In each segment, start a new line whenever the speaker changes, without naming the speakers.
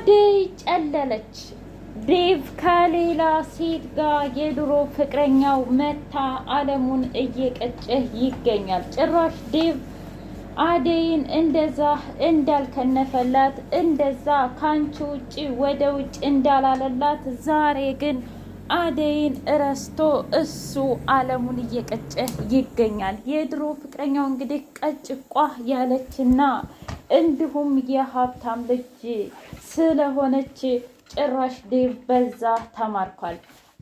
አደይ ጨለለች። ዴቭ ከሌላ ሴት ጋር የድሮ ፍቅረኛው መታ አለሙን እየቀጨ ይገኛል። ጭራሽ ዴቭ አደይን እንደዛ እንዳልከነፈላት እንደዛ ካንቺ ውጭ ወደ ውጭ እንዳላለላት ዛሬ ግን አደይን እረስቶ እሱ አለሙን እየቀጨ ይገኛል። የድሮ ፍቅረኛው እንግዲህ ቀጭቋ ያለችና እንዲሁም የሀብታም ልጅ ስለሆነች ጭራሽ ዴቭ በዛ ተማርኳል።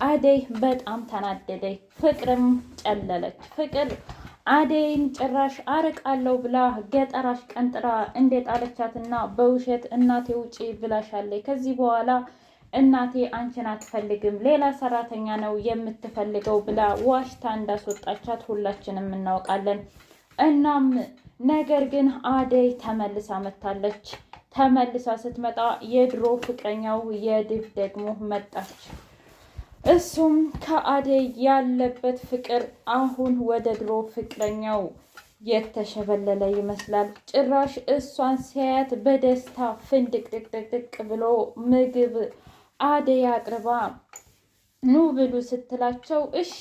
አደይ በጣም ተናደደች። ፍቅርም ጨለለች። ፍቅር አደይን ጭራሽ አርቃለሁ ብላ ገጠራሽ ቀንጥራ እንደጣለቻትና በውሸት እናቴ ውጪ ብላሻለች። ከዚህ በኋላ እናቴ አንቺን አትፈልግም፣ ሌላ ሰራተኛ ነው የምትፈልገው ብላ ዋሽታ እንዳስወጣቻት ሁላችንም እናውቃለን። እናም ነገር ግን አደይ ተመልሳ መታለች። ተመልሳ ስትመጣ የድሮ ፍቅረኛው የድፍ ደግሞ መጣች። እሱም ከአደይ ያለበት ፍቅር አሁን ወደ ድሮ ፍቅረኛው የተሸበለለ ይመስላል። ጭራሽ እሷን ሲያያት በደስታ ፍንድቅድቅድቅ ብሎ ምግብ አደይ አቅርባ ኑ ብሉ ስትላቸው እሺ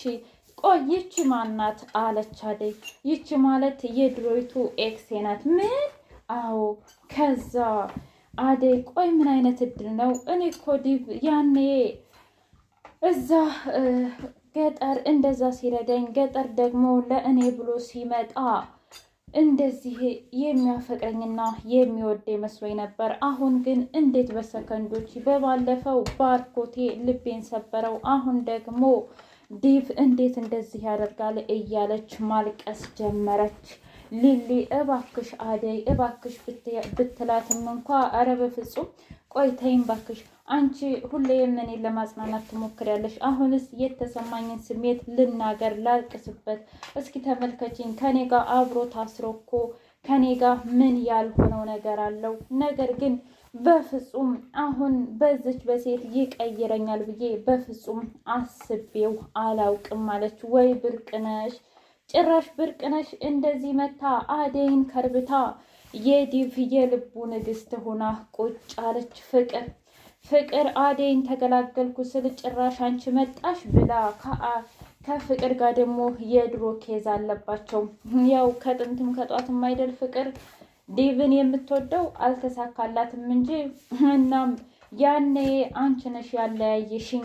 ቆይ ይቺ ማናት አለች አደይ። ይቺ ማለት የድሮይቱ ኤክሴ ናት ምን አዎ ከዛ አደይ ቆይ ምን አይነት እድል ነው? እኔ እኮ ያኔ እዛ ገጠር እንደዛ ሲረዳኝ ገጠር ደግሞ ለእኔ ብሎ ሲመጣ እንደዚህ የሚያፈቅረኝና የሚወደ መስሎኝ ነበር። አሁን ግን እንዴት በሰከንዶች በባለፈው ባርኮቴ ልቤን ሰበረው። አሁን ደግሞ ዲቭ እንዴት እንደዚህ ያደርጋል እያለች ማልቀስ ጀመረች። ሊሊ እባክሽ አደይ እባክሽ ብትላትም እንኳ ኧረ በፍጹም ቆይ ባክሽ አንቺ ሁሌም እኔን ለማጽናናት ትሞክሪያለሽ። አሁንስ የተሰማኝን ስሜት ልናገር፣ ላልቅስበት። እስኪ ተመልከችኝ፣ ከኔ ጋር አብሮ ታስሮ እኮ ከኔ ጋር ምን ያልሆነው ነገር አለው? ነገር ግን በፍጹም አሁን በዚች በሴት ይቀይረኛል ብዬ በፍጹም አስቤው አላውቅም አለች። ወይ ብርቅነሽ ጭራሽ ብርቅነሽ እንደዚህ መታ አደይን ከርብታ የዲቭ የልቡ ንግስት ሆና ቁጭ አለች። ፍቅር ፍቅር አደይን ተገላገልኩ ስል ጭራሽ አንቺ መጣሽ ብላ ከፍቅር ጋር ደግሞ የድሮ ኬዝ አለባቸው። ያው ከጥንትም ከጧትም አይደል ፍቅር ዲቭን የምትወደው አልተሳካላትም እንጂ እናም ያኔ አንቺ ነሽ ያለያየሽኝ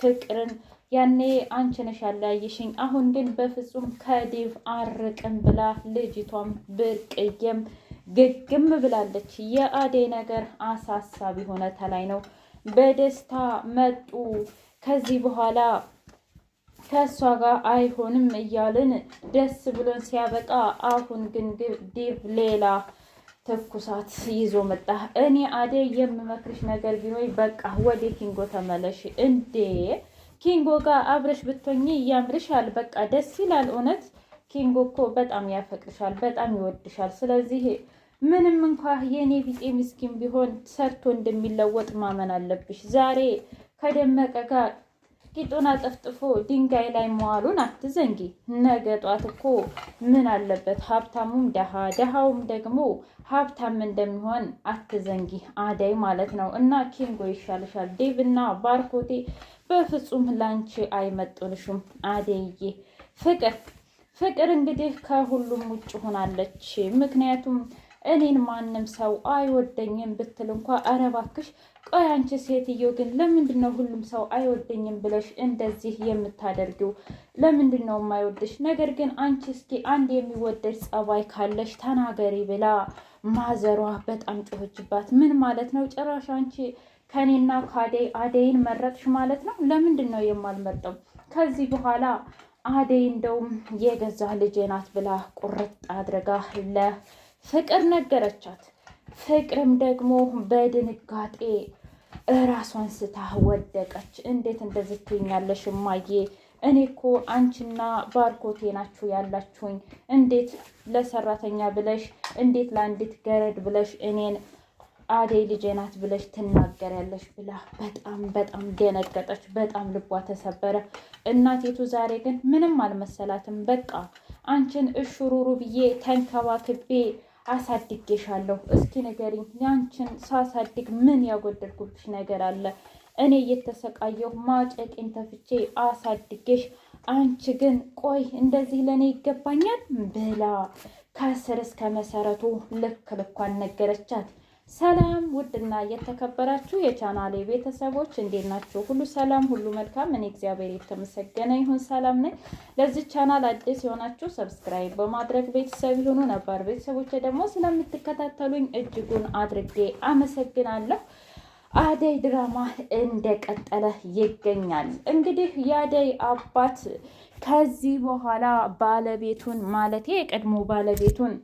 ፍቅርን ያኔ አንቺ ነሽ ያለያየሽኝ፣ አሁን ግን በፍጹም ከዴቭ አርቅም ብላ ልጅቷም ብርቅዬም ግግም ብላለች። የአዴ ነገር አሳሳቢ ሆነ ተላይ ነው። በደስታ መጡ። ከዚህ በኋላ ከእሷ ጋር አይሆንም እያልን ደስ ብሎን ሲያበቃ፣ አሁን ግን ዴቭ ሌላ ትኩሳት ይዞ መጣ። እኔ አዴ የምመክርሽ ነገር ቢኖር በቃ ወደ ኪንጎ ተመለሽ እንዴ ኪንጎ ጋር አብረሽ ብትሆኚ ያምርሻል። በቃ ደስ ይላል። እውነት ኪንጎ እኮ በጣም ያፈቅርሻል፣ በጣም ይወድሻል። ስለዚህ ምንም እንኳ የእኔ ቢጤ ምስኪን ቢሆን ሰርቶ እንደሚለወጥ ማመን አለብሽ። ዛሬ ከደመቀ ጋር ቂጡን አጠፍጥፎ ድንጋይ ላይ መዋሉን አትዘንጊ። ነገ ጧት እኮ ምን አለበት ሀብታሙም ደሃ ደሃውም ደግሞ ሀብታም እንደሚሆን አትዘንጊ። አደይ ማለት ነው እና ኪንጎ ይሻልሻል። ዴቭ እና ባርኮቴ በፍጹም ላንቺ አይመጥንሽም አደይዬ። ፍቅር ፍቅር እንግዲህ ከሁሉም ውጭ ሆናለች። ምክንያቱም እኔን ማንም ሰው አይወደኝም ብትል እንኳ ኧረ እባክሽ ቆይ አንቺ ሴትዮ ግን ለምንድን ነው ሁሉም ሰው አይወደኝም ብለሽ እንደዚህ የምታደርጊው? ለምንድን ነው የማይወድሽ? ነገር ግን አንቺ እስኪ አንድ የሚወደድ ጸባይ ካለሽ ተናገሪ ብላ ማዘሯ በጣም ጮኸችባት። ምን ማለት ነው ጭራሽ አንቺ ከኔና ከአደይ አደይን መረጥሽ ማለት ነው። ለምንድን ነው የማልመርጠው? ከዚህ በኋላ አደይ እንደውም የገዛ ልጄ ናት ብላ ቁርጥ አድርጋ ለፍቅር ነገረቻት። ፍቅርም ደግሞ በድንጋጤ እራሷን ስታ ወደቀች። እንዴት እንደዚህ ትኛለሽ እማዬ? እኔ እኮ አንቺና ባርኮቴ ናችሁ ያላችሁኝ። እንዴት ለሰራተኛ ብለሽ እንዴት ለአንዲት ገረድ ብለሽ እኔን አደይ ልጄ ናት ብለሽ ትናገሪያለሽ ብላ በጣም በጣም ደነገጠች። በጣም ልቧ ተሰበረ። እናቴቱ ዛሬ ግን ምንም አልመሰላትም። በቃ አንቺን እሹሩሩ ብዬ ተንከባክቤ አሳድጌሻለሁ። እስኪ ንገሪኝ፣ ያንቺን ሳሳድግ ምን ያጎደልኩብሽ ነገር አለ? እኔ እየተሰቃየሁ ማጨቄን ተፍቼ አሳድጌሽ፣ አንቺ ግን ቆይ እንደዚህ ለእኔ ይገባኛል ብላ ከስር እስከ መሰረቱ ልክ ልኳን ነገረቻት። ሰላም ውድና የተከበራችሁ የቻናሌ ቤተሰቦች እንዴት ናችሁ? ሁሉ ሰላም፣ ሁሉ መልካም። እኔ እግዚአብሔር የተመሰገነ ይሁን ሰላም ነኝ። ለዚህ ቻናል አዲስ የሆናችሁ ሰብስክራይብ በማድረግ ቤተሰብ የሆኑ ነባር ቤተሰቦች ደግሞ ስለምትከታተሉኝ እጅጉን አድርጌ አመሰግናለሁ። አደይ ድራማ እንደቀጠለ ይገኛል። እንግዲህ የአደይ አባት ከዚህ በኋላ ባለቤቱን ማለቴ የቀድሞ ባለቤቱን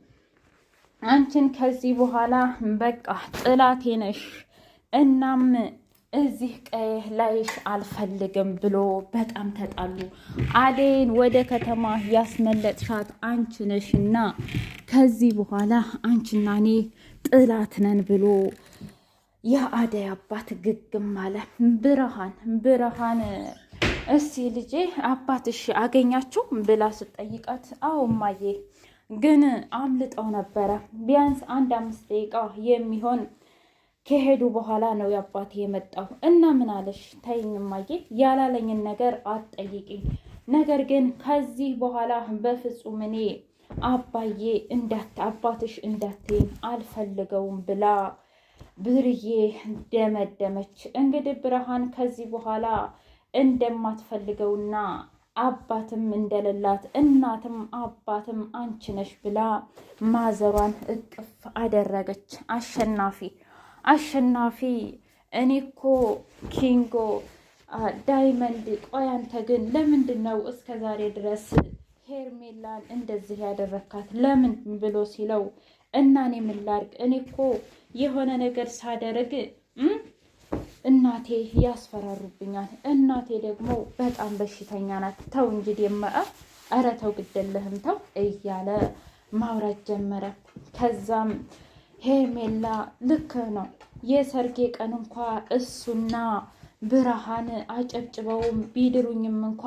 አንቺን ከዚህ በኋላ በቃ ጥላቴ ነሽ፣ እናም እዚህ ቀይ ላይሽ አልፈልግም ብሎ በጣም ተጣሉ። አደይን ወደ ከተማ ያስመለጥሻት አንቺ ነሽ እና ከዚህ በኋላ አንቺና እኔ ጥላት ነን ብሎ የአደይ አባት ግግም አለ። ብርሃን ብርሃን እስቲ ልጄ አባትሽ አገኛችሁ ብላ ስጠይቃት አዎ እማዬ ግን አምልጠው ነበረ። ቢያንስ አንድ አምስት ደቂቃ የሚሆን ከሄዱ በኋላ ነው የአባቴ የመጣው እና ምን አለሽ? ተይኝ እማዬ፣ ያላለኝን ነገር አትጠይቂኝ። ነገር ግን ከዚህ በኋላ በፍጹም እኔ አባዬ እንዳት አባትሽ እንዳትይኝ አልፈልገውም ብላ ብርዬ ደመደመች። እንግዲህ ብርሃን ከዚህ በኋላ እንደማትፈልገውና አባትም እንደሌላት እናትም አባትም አንቺ ነሽ ብላ ማዘሯን እቅፍ አደረገች። አሸናፊ አሸናፊ እኔ እኮ ኪንጎ ዳይመንድ፣ ቆይ አንተ ግን ለምንድን ነው እስከ ዛሬ ድረስ ሄርሜላን እንደዚህ ያደረካት ለምን ብሎ ሲለው እና እኔ ምን ላድርግ እኔ እኮ የሆነ ነገር ሳደርግ እናቴ ያስፈራሩብኛል። እናቴ ደግሞ በጣም በሽተኛ ናት። ተው እንጂ የመአ ኧረ ተው ግደለህም ተው እያለ ማውራት ጀመረ። ከዛም ሄሜላ ልክ ነው የሰርጌ ቀን እንኳ እሱና ብርሃን አጨብጭበውም ቢድሩኝም እንኳ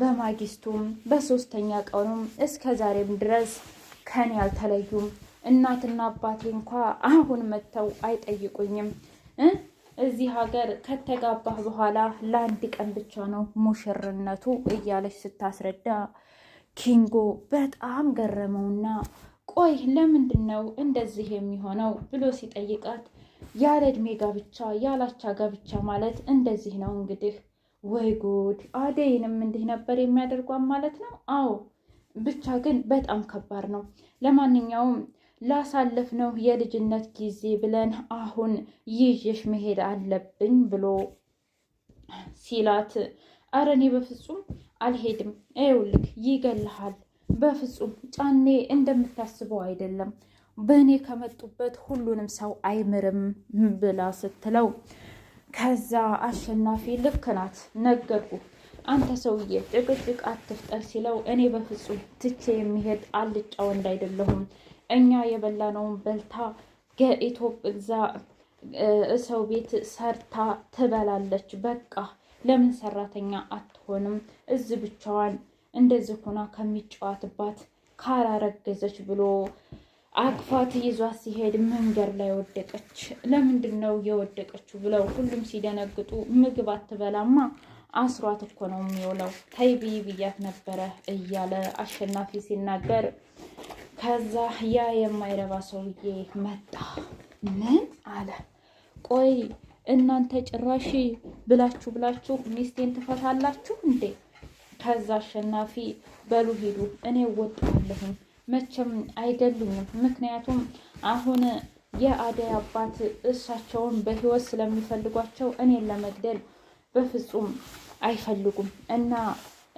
በማግስቱም በሶስተኛ ቀኑም እስከ ዛሬም ድረስ ከኔ አልተለዩም። እናትና አባቴ እንኳ አሁን መጥተው አይጠይቁኝም እ እዚህ ሀገር ከተጋባህ በኋላ ለአንድ ቀን ብቻ ነው ሙሽርነቱ እያለች ስታስረዳ ኪንጎ በጣም ገረመውና ቆይ ለምንድን ነው እንደዚህ የሚሆነው ብሎ ሲጠይቃት ያለ እድሜ ጋብቻ ያላቻ ጋብቻ ማለት እንደዚህ ነው እንግዲህ። ወይ ጉድ! አደይንም እንዲህ ነበር የሚያደርጓን ማለት ነው። አዎ ብቻ ግን በጣም ከባድ ነው። ለማንኛውም ላሳለፍነው የልጅነት ጊዜ ብለን አሁን ይዤሽ መሄድ አለብኝ ብሎ ሲላት፣ ኧረ እኔ በፍጹም አልሄድም፣ ይኸውልህ ይገልሃል። በፍጹም ጫኔ እንደምታስበው አይደለም፣ በእኔ ከመጡበት ሁሉንም ሰው አይምርም ብላ ስትለው፣ ከዛ አሸናፊ ልክ ናት ነገርኩህ አንተ ሰውዬ ጭቅጭቅ አትፍጠር ሲለው፣ እኔ በፍጹም ትቼ የሚሄድ አልጫ ወንድ አይደለሁም እኛ የበላነውን በልታ ከኢትዮጵያ ሰው ቤት ሰርታ ትበላለች። በቃ ለምን ሰራተኛ አትሆንም? እዚህ ብቻዋን እንደዚህ ሆና ከሚጫወትባት ካላረገዘች ብሎ አቅፋት ይዟ ሲሄድ መንገድ ላይ ወደቀች። ለምንድን ነው የወደቀችው ብለው ሁሉም ሲደነግጡ ምግብ አትበላማ አስሯት እኮ ነው የሚውለው። ተይ ብይ ብያት ነበረ እያለ አሸናፊ ሲናገር ከዛ ያ የማይረባ ሰውዬ መጣ። ምን አለ? ቆይ እናንተ ጭራሽ ብላችሁ ብላችሁ ሚስቴን ትፈታላችሁ እንዴ? ከዛ አሸናፊ በሉ ሂዱ፣ እኔ ወጣለሁኝ። መቼም አይደሉኝም። ምክንያቱም አሁን የአደይ አባት እሳቸውን በህይወት ስለሚፈልጓቸው እኔን ለመግደል በፍጹም አይፈልጉም እና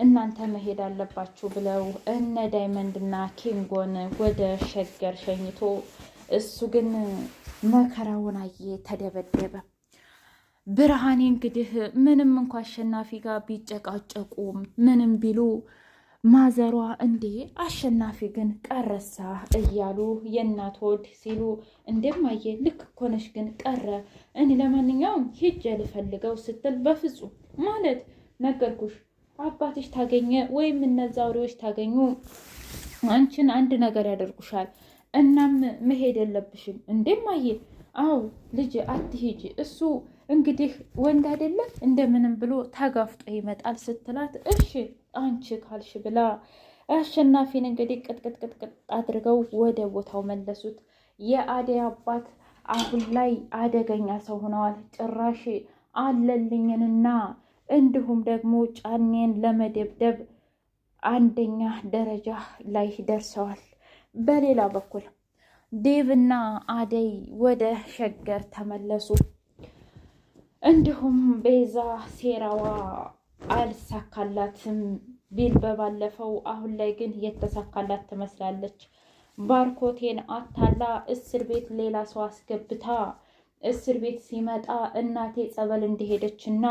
እናንተ መሄድ አለባችሁ ብለው እነ ዳይመንድና ኪንጎን ወደ ሸገር ሸኝቶ እሱ ግን መከራውን አየ፣ ተደበደበ። ብርሃኔ እንግዲህ ምንም እንኳ አሸናፊ ጋር ቢጨቃጨቁም ምንም ቢሉ ማዘሯ እንዴ አሸናፊ ግን ቀረሳ እያሉ የእናት ወድ ሲሉ እንደማየ ልክ እኮ ነሽ፣ ግን ቀረ። እኔ ለማንኛውም ሂጄ ልፈልገው ስትል በፍጹም ማለት ነገርኩሽ አባትሽ ታገኘ ወይም እነዛ አውሬዎች ታገኙ አንቺን አንድ ነገር ያደርጉሻል። እናም መሄድ የለብሽም እንዴም አየ አው ልጅ አትሄጂ እሱ እንግዲህ ወንድ አይደለም እንደምንም ብሎ ተጋፍጦ ይመጣል ስትላት እሺ አንቺ ካልሽ ብላ አሸናፊን እንግዲህ ቅጥቅጥቅጥቅጥ አድርገው ወደ ቦታው መለሱት። የአደይ አባት አሁን ላይ አደገኛ ሰው ሆነዋል። ጭራሽ አለልኝንና እንዲሁም ደግሞ ጫኔን ለመደብደብ አንደኛ ደረጃ ላይ ደርሰዋል። በሌላ በኩል ዴቭና አደይ ወደ ሸገር ተመለሱ። እንዲሁም ቤዛ ሴራዋ አልሳካላትም ቢል በባለፈው፣ አሁን ላይ ግን የተሳካላት ትመስላለች። ባርኮቴን አታላ እስር ቤት ሌላ ሰው አስገብታ እስር ቤት ሲመጣ እናቴ ጸበል እንደሄደች እና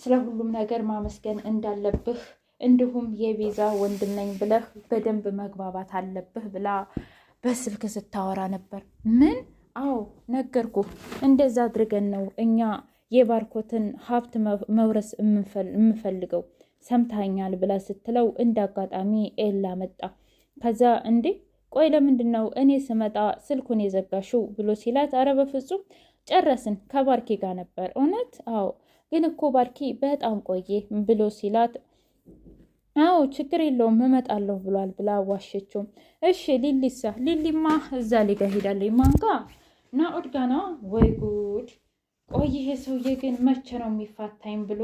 ስለ ሁሉም ነገር ማመስገን እንዳለብህ እንዲሁም የቤዛ ወንድም ነኝ ብለህ በደንብ መግባባት አለብህ ብላ በስልክ ስታወራ ነበር። ምን? አዎ ነገርኩህ። እንደዛ አድርገን ነው እኛ የባርኮትን ሀብት መውረስ የምፈልገው ሰምታኛል ብላ ስትለው እንደ አጋጣሚ ኤላ መጣ። ከዛ እንዴ ቆይ ለምንድን ነው እኔ ስመጣ ስልኩን የዘጋሽው ብሎ ሲላት፣ አረ በፍጹም ጨረስን ከባርኬ ጋር ነበር። እውነት? አዎ ግን እኮ ባርኪ በጣም ቆየ ብሎ ሲላት አዎ ችግር የለውም እመጣለሁ ብሏል ብላ ዋሸችው። እሺ ሊሊሳ ሊሊማ እዛ ሊጋ ሄዳለች። ማንጋ ና ናኦድ ጋ ወይ ጉድ! ቆይ ይሄ ሰውዬ ግን መቼ ነው የሚፋታኝ ብሎ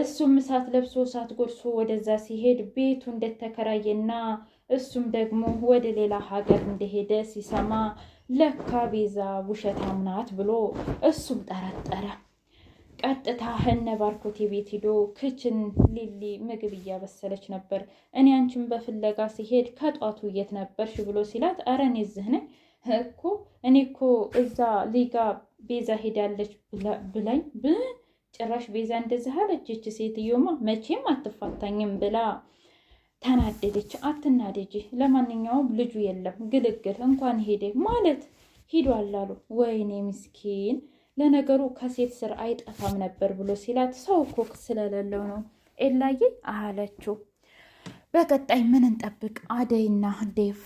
እሱም እሳት ለብሶ እሳት ጎርሶ ወደዛ ሲሄድ ቤቱ እንደተከራየና እሱም ደግሞ ወደ ሌላ ሀገር እንደሄደ ሲሰማ ለካ ቤዛ ውሸታም ናት ብሎ እሱም ጠረጠረ። ቀጥታ እነ ባርኮቴ ቤት ሂዶ ክችን ሊሊ ምግብ እያበሰለች ነበር። እኔ አንቺን በፍለጋ ሲሄድ ከጧቱ የት ነበርሽ ብሎ ሲላት፣ አረ እኔ እዚህ ነኝ እኮ እኔ እኮ እዛ ሊጋ ቤዛ ሄዳለች ብላኝ ጭራሽ ቤዛ እንደዚህ አለች። ይች ሴትዮማ መቼም አትፋታኝም ብላ ተናደደች። አትናደጅ፣ ለማንኛውም ልጁ የለም ግልግል እንኳን ሄደ ማለት ሂዷል አሉ። ወይኔ ምስኪን ለነገሩ ከሴት ስር አይጠፋም ነበር ብሎ ሲላት ሰው እኮ ስለሌለው ነው ኤላዬ አለችው። በቀጣይ ምን እንጠብቅ? አደይና ዴቭ